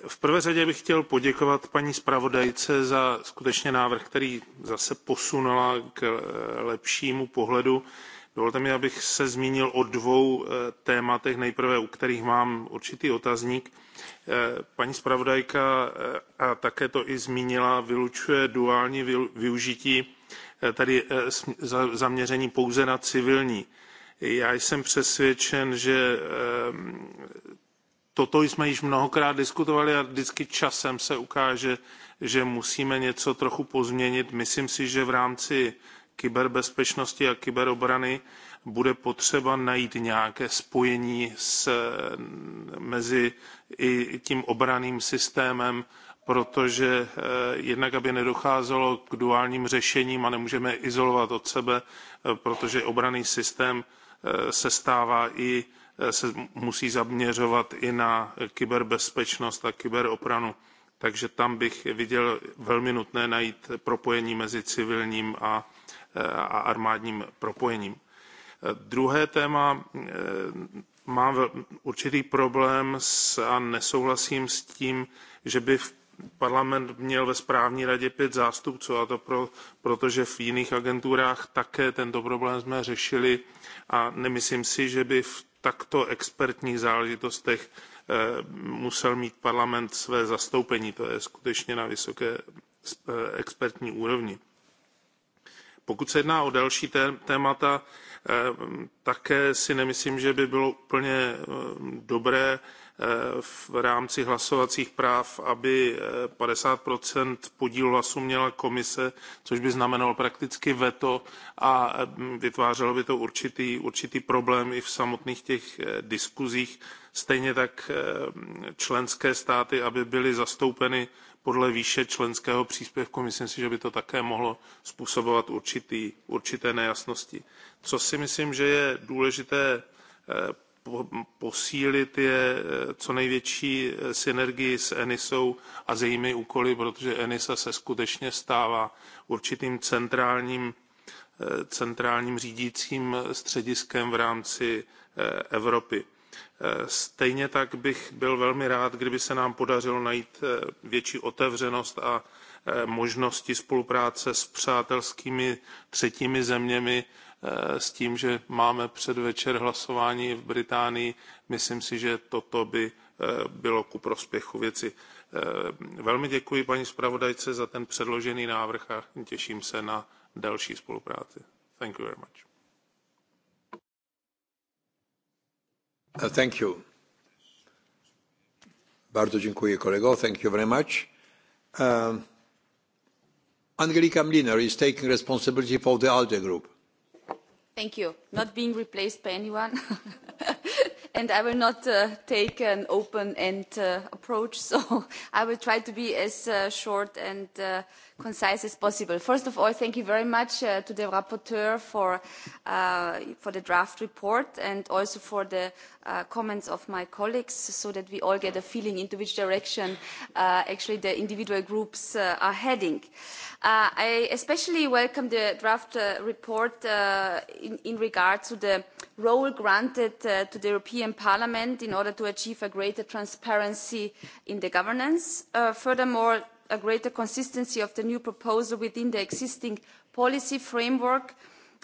V prvé řadě bych chtěl poděkovat paní zpravodajce za skutečně návrh, který zase posunula k lepšímu pohledu. Dovolte mi, abych se zmínil o dvou tématech, nejprve u kterých mám určitý otazník. Paní zpravodajka, a také to i zmínila, vylučuje duální využití, tedy zaměření pouze na civilní Já jsem přesvědčen, že toto jsme již mnohokrát diskutovali a vždycky časem se ukáže, že musíme něco trochu pozměnit. Myslím si, že v rámci kyberbezpečnosti a kyberobrany bude potřeba najít nějaké spojení s, mezi i tím obraným systémem, protože jednak, aby nedocházelo k duálním řešením a nemůžeme je izolovat od sebe, protože obranný systém se stává i se musí zaměřovat i na kyberbezpečnost a kyberobranu. Takže tam bych viděl velmi nutné najít propojení mezi civilním a, a armádním propojením. Druhé téma, mám určitý problém s, a nesouhlasím s tím, že by parlament měl ve správní radě pět zástupců, a to pro, protože v jiných agenturách také tento problém jsme řešili a nemyslím si, že by v takto expertních záležitostech musel mít parlament své zastoupení. To je skutečně na vysoké expertní úrovni. Pokud se jedná o další témata, také si nemyslím, že by bylo úplně dobré v rámci hlasovacích práv, aby 50 podílu hlasu měla komise, což by znamenalo prakticky veto a vytvářelo by to určitý, určitý problém i v samotných těch diskuzích. Stejně tak členské státy, aby byly zastoupeny podle výše členského příspěvku, myslím si, že by to také mohlo způsobovat určité nejasnosti. Co si myslím, že je důležité posílit je co největší synergii s Enisou a s jejími úkoly, protože Enisa se skutečně stává určitým centrálním, centrálním řídícím střediskem v rámci Evropy. Stejně tak bych byl velmi rád, kdyby se nám podařilo najít větší otevřenost a možnosti spolupráce s přátelskými třetími zeměmi, s tím, že máme předvečer hlasování v Británii, myslím si, že toto by bylo ku prospěchu věci. Velmi děkuji paní zpravodajce za ten předložený návrh a těším se na další spolupráci. Thank you very much. Thank you. Bardzo dziękuję kolego. Thank you very much. Um, Angelika Mliner is taking responsibility for the ALDE group. Thank you. Not being replaced by anyone and I will not take an open-end approach, so I will try to be as short and concise as possible. First of all, thank you very much to the rapporteur for, uh, for the draft report and also for the uh, comments of my colleagues so that we all get a feeling into which direction uh, actually the individual groups are heading. Uh, I especially welcome the draft uh, report uh, in, in regard to the role granted to the European Parliament in order to achieve a greater transparency in the governance. furthermore, a greater consistency of the new proposal within the existing policy framework,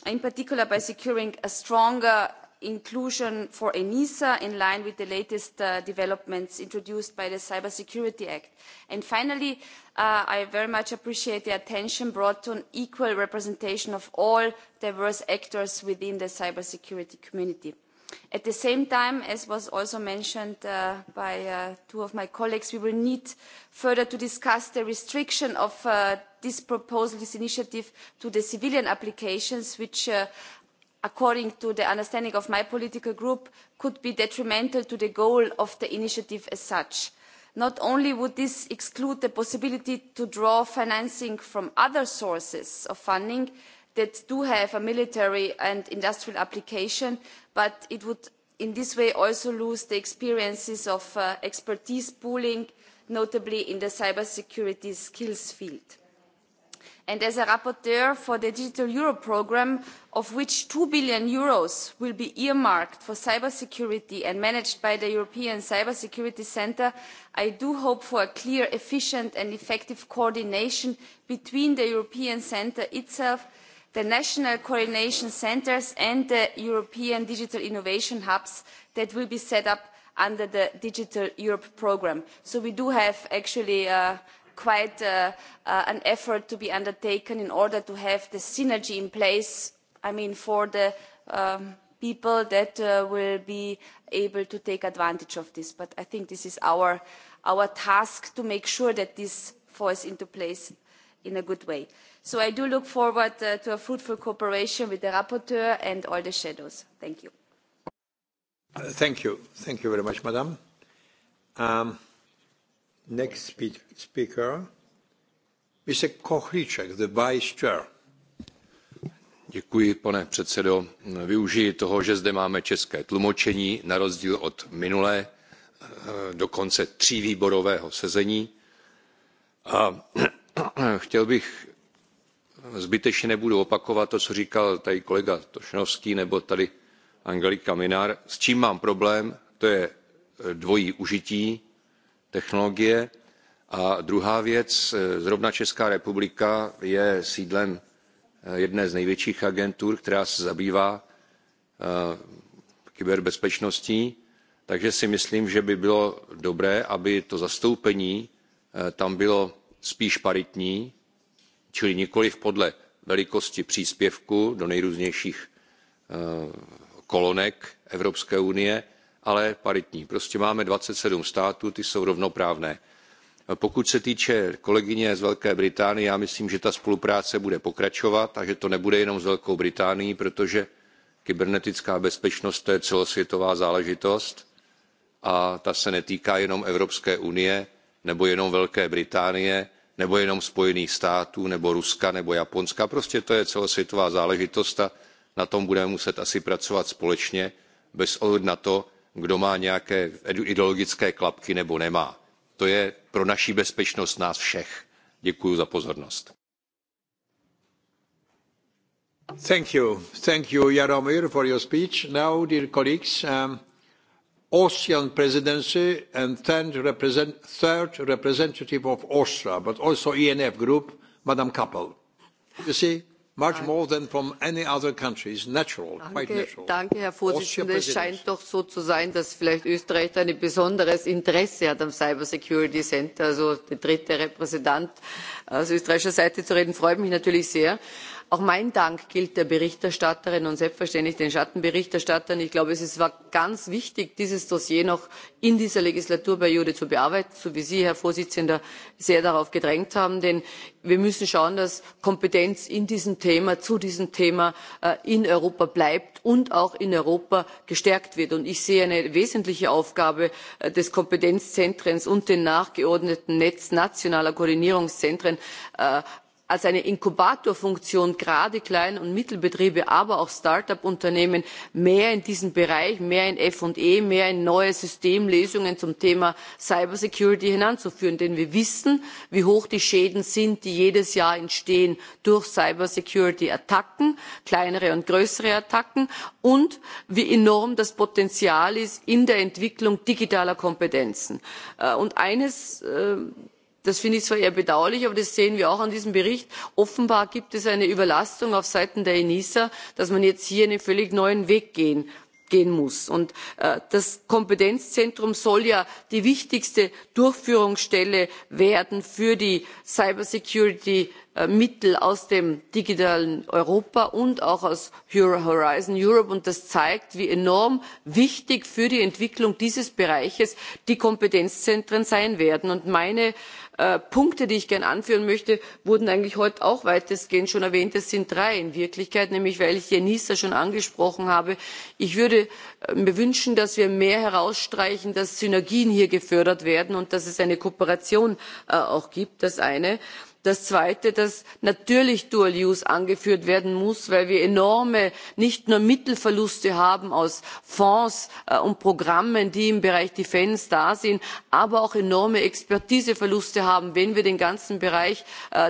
in particular by securing a stronger inclusion for ENISA in line with the latest developments introduced by the Cybersecurity Act. And finally, I very much appreciate the attention brought to an equal representation of all diverse actors within the cybersecurity community. At the same time, as was also mentioned by two of my colleagues, we will need further to discuss the restriction of this proposal, this initiative, to the civilian applications, which according to the understanding of my political group could be detrimental to the goal of the initiative as such. not only would this exclude the possibility to draw financing from other sources of funding that do have a military and industrial application but it would in this way also lose the experiences of expertise pooling notably in the cybersecurity skills field and as a rapporteur for the digital europe programme of which eur two billion will be earmarked for cybersecurity and managed by the european cybersecurity centre i do hope for a clear efficient and effective coordination between the european centre itself the national coordination centres and the european digital innovation hubs that will be set up under the digital europe programme so we do have actually quite an effort to be undertaken in order to have the synergy in place I mean, for the people that will be able to take advantage of this. But I think this is our, our task to make sure that this falls into place in a good way. So I do look forward to a fruitful cooperation with the rapporteur and all the shadows. Thank you. Thank you. Thank you very much, Madam. Next speaker, Mr. Kohlíček, the Vice Chair. Děkuji, pane předsedo. Využiji toho, že zde máme české tlumočení, na rozdíl od minulé, dokonce třívýborového sezení. A chtěl bych, zbytečně nebudu opakovat to, co říkal tady kolega Tošnovský nebo tady Angelika Minár. S čím mám problém, to je dvojí užití technologie. A druhá věc, zrovna Česká republika je sídlem jedné z největších agentur, která se zabývá kyberbezpečností, takže si myslím, že by bylo dobré, aby to zastoupení tam bylo spíš paritní, čili nikoliv podle velikosti příspěvku do nejrůznějších kolonek Evropské unie, ale paritní. Prostě máme 27 států, ty jsou rovnoprávné. Pokud se týče kolegyně z Velké Británie, já myslím, že ta spolupráce bude pokračovat a že to nebude jenom s Velkou Británií, protože kybernetická bezpečnost to je celosvětová záležitost a ta se netýká jenom Evropské unie nebo jenom Velké Británie nebo jenom Spojených států nebo Ruska nebo Japonska. Prostě to je celosvětová záležitost a na tom budeme muset asi pracovat společně bez ohledu na to, kdo má nějaké ideologické klapky nebo nemá. To je pro naši bezpečnost nás všech. Děkuji za pozornost. Thank you. Thank you, Jaromir, for your speech. Now, dear colleagues, um, Austrian presidency and third, represent, third representative of Austria, but also ENF group, Kappel. You see, much more than from any other country. It's natural, quite natural. Danke, Herr Vorsitzender. Es scheint doch so zu sein, dass vielleicht Österreich ein besonderes Interesse hat am Cyber Security Center, also der dritte Repräsentant aus österreichischer Seite zu reden, freut mich natürlich sehr Auch mein Dank gilt der Berichterstatterin und selbstverständlich den Schattenberichterstattern. Ich glaube, es war ganz wichtig, dieses Dossier noch in dieser Legislaturperiode zu bearbeiten, so wie Sie, Herr Vorsitzender, sehr darauf gedrängt haben. Denn wir müssen schauen, dass Kompetenz in diesem Thema, zu diesem Thema in Europa bleibt und auch in Europa gestärkt wird. ich sehe eine wesentliche Aufgabe des Kompetenzzentrums und den nachgeordneten Netz nationaler Koordinierungszentren als eine inkubatorfunktion gerade klein und mittelbetriebe aber auch start up unternehmen mehr in diesen bereich mehr in fe mehr in neue systemlösungen zum thema cybersicherheit hineinzuführen denn wir wissen wie hoch die schäden sind die jedes jahr entstehen durch cybersicherheit attacken kleinere und größere attacken und wie enorm das potenzial ist in der entwicklung digitaler kompetenzen. eines das finde ich zwar eher bedauerlich aber das sehen wir auch an diesem bericht offenbar gibt es eine überlastung auf seiten der enisa dass man jetzt hier einen völlig neuen weg gehen muss. das kompetenzzentrum soll ja die wichtigste durchführungsstelle werden für die cybersicherheit mittel aus dem digitalen europa und auch aus horizon europe und das zeigt wie enorm wichtig für die entwicklung dieses bereiches die kompetenzzentren sein werden. meine Punkte, die ich gerne anführen möchte, wurden eigentlich heute auch weitestgehend schon erwähnt. Es sind drei in Wirklichkeit, nämlich weil ich Janissa schon angesprochen habe. Ich würde mir wünschen, dass wir mehr herausstreichen, dass Synergien hier gefördert werden und dass es eine Kooperation auch gibt, das eine das zweite dass natürlich dual use angeführt werden muss weil wir enorme nicht nur mittelverluste haben aus fonds und programmen die im bereich defence da sind aber auch enorme expertiseverluste haben wenn wir den ganzen bereich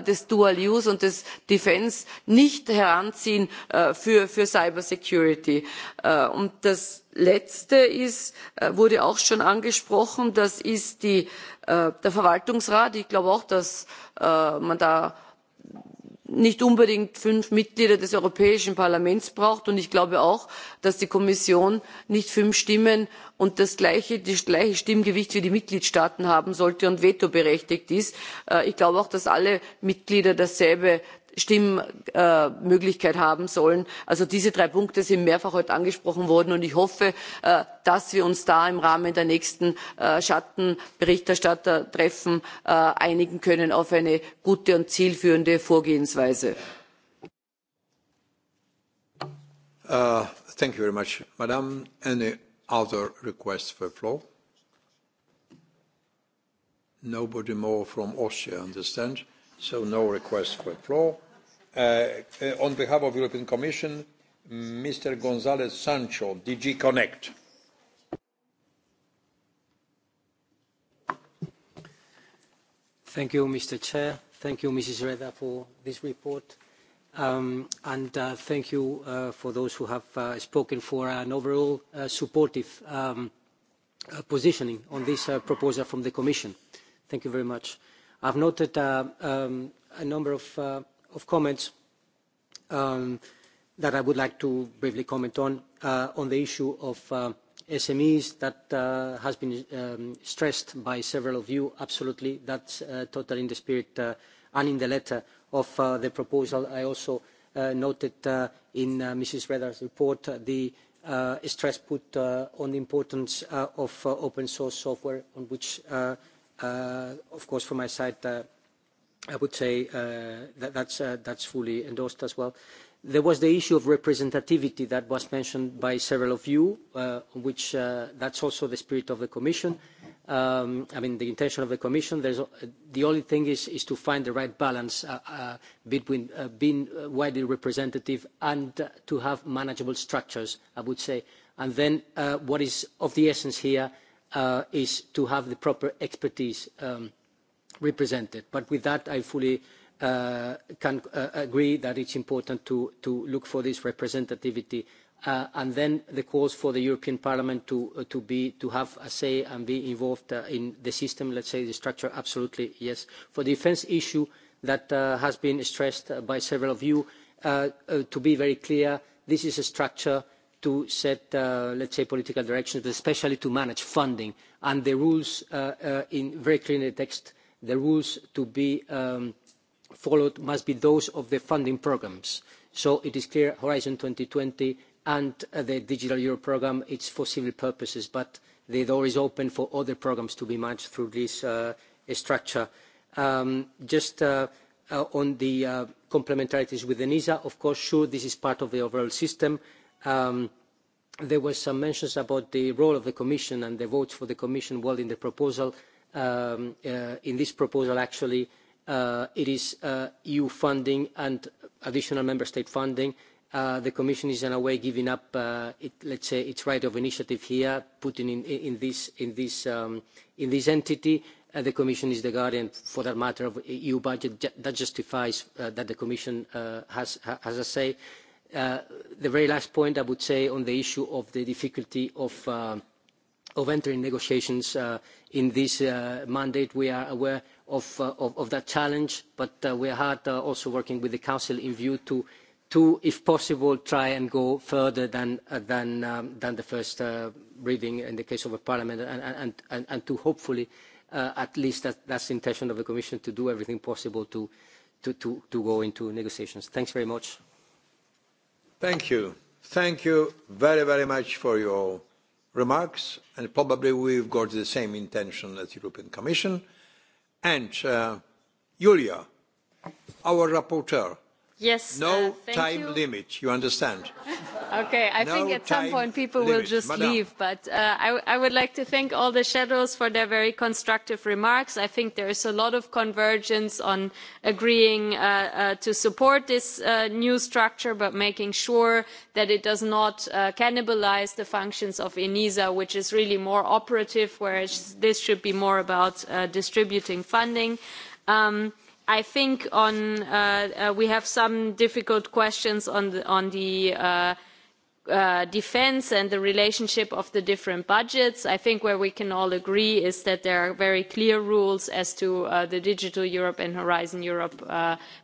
des dual use und des defence nicht heranziehen für cyber security. und letzte ist wurde auch schon angesprochen das ist der verwaltungsrat. ich glaube auch dass man da nicht unbedingt fünf mitglieder des europäischen parlaments braucht und ich glaube auch dass die kommission nicht fünf stimmen und das gleiche stimmgewicht wie die mitgliedstaaten haben sollte und vetoberechtigt ist. ich glaube auch dass alle mitglieder dasselbe Stimmmöglichkeit haben sollen. Also diese drei Punkte sind mehrfach heute angesprochen worden und ich hoffe, dass wir uns da im Rahmen der nächsten Schattenberichterstattertreffen einigen können auf eine gute und zielführende Vorgehensweise. thank you very much. Madam, any other requests for floor? Nobody more from Austria, understand so no request for floor. On behalf of European Commission, Mr. González Sancho, DG Connect. Thank you, Mr. Chair. Thank you, Mrs. Reda, for this report. Um, and uh, thank you uh, for those who have uh, spoken for an overall uh, supportive um, uh, positioning on this uh, proposal from the Commission. Thank you very much. Uh, I've noted a number of comments that I would like to briefly comment on. On the issue of SMEs, that has been stressed by several of you. Absolutely, that's totally in the spirit and in the letter of the proposal. I also noted in Mrs. Reda's report the stress put on the importance of open source software on which Of course, from my side, I would say that that's fully endorsed as well. There was the issue of representativity that was mentioned by several of you, which that's also the spirit of the Commission. I mean, the intention of the Commission. There's the only thing is to find the right balance between being widely representative and to have manageable structures, I would say. And then what is of the essence here is to have the proper expertise represented. But with that, I fully can agree that it's important to, to look for this representativity and then the calls for the European Parliament to, be, to have a say and be involved in the system, let's say the structure, absolutely yes. For the defence issue that has been stressed by several of you, to be very clear, this is a structure to set, uh, let's say, political direction, but especially to manage funding and the rules uh, uh, in very clear in the text. The rules to be followed must be those of the funding programs. So it is clear Horizon 2020 and the Digital Euro programme it's for civil purposes, but the door is open for other programs to be managed through this structure. just on the complementarities with ENISA, of course, sure, this is part of the overall system Um, there were some mentions about the role of the Commission and the votes for the Commission. Well, in the proposal, um, uh, in this proposal, actually, uh, it is uh, EU funding and additional member state funding. Uh, the Commission is in a way giving up, uh, it, let's say, its right of initiative here, putting in, in this in this um, in this entity. Uh, the Commission is the guardian, for that matter, of EU budget. That justifies uh, that the Commission uh, has has a say the very last point I would say on the issue of the difficulty of, entering negotiations in this mandate, we are aware of, that challenge, but we are hard also working with the Council in view to, to if possible, try and go further than, the first reading in the case of a parliament and, and, and, to hopefully, at least that, that's the intention of the Commission, to do everything possible to, to, to, to go into negotiations. Thanks very much. Thank you. Thank you very, very much for your remarks, and probably we've got the same intention as the European Commission. And uh, Julia, our rapporteur, Yes. No time limit, you understand. Okay, I think at some point people will just leave, but uh I I would like to thank all the shadows for their very constructive remarks. I think there is a lot of convergence on agreeing uh to support this uh new structure, but making sure that it does not uh cannibalise the functions of ENISA, which is really more operative, whereas this should be more about uh distributing funding. Um, I think on uh, uh, we have some difficult questions on the, on the uh, defence and the relationship of the different budgets. I think where we can all agree is that there are very clear rules as to the Digital Europe and Horizon Europe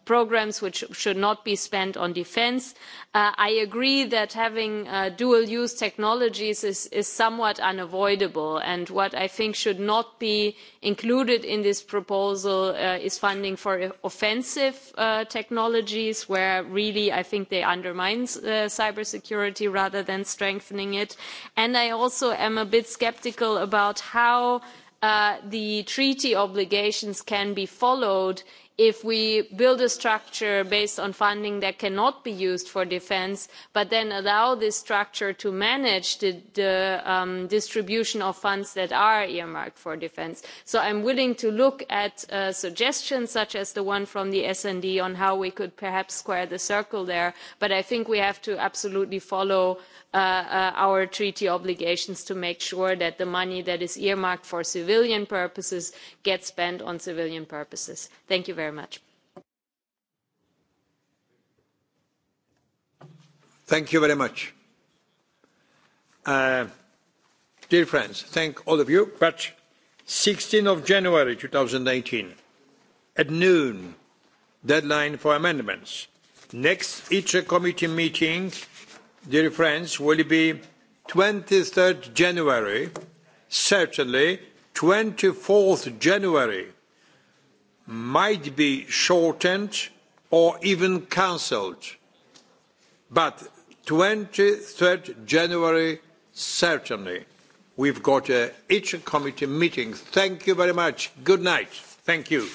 programmes, which should not be spent on defence. I agree that having dual-use technologies is, somewhat unavoidable, and what I think should not be included in this proposal is funding for offensive technologies, where really I think they undermine cybersecurity rather than strengthening it. And I also am a bit sceptical about how the treaty obligations can be followed if we build a structure based on funding that cannot be used for defence, but then allow this structure to manage the, distribution of funds that are earmarked for defence. So I am willing to look at suggestions such as the one from the S D on how we could perhaps square the circle there, but I think we have to absolutely follow our treaty obligations to make sure that the money that is earmarked for civilian purposes gets spent on civilian purposes. Thank you very much. Thank you very much. dear friends, thank all of you. But 16 of January 2018, at noon, deadline for amendments. Next ITRE committee meeting dear friends, will be 23rd January, certainly 24th January, might be shortened or even cancelled, but 23rd January, certainly. We've got a each committee meeting. Thank you very much. Good night. Thank you.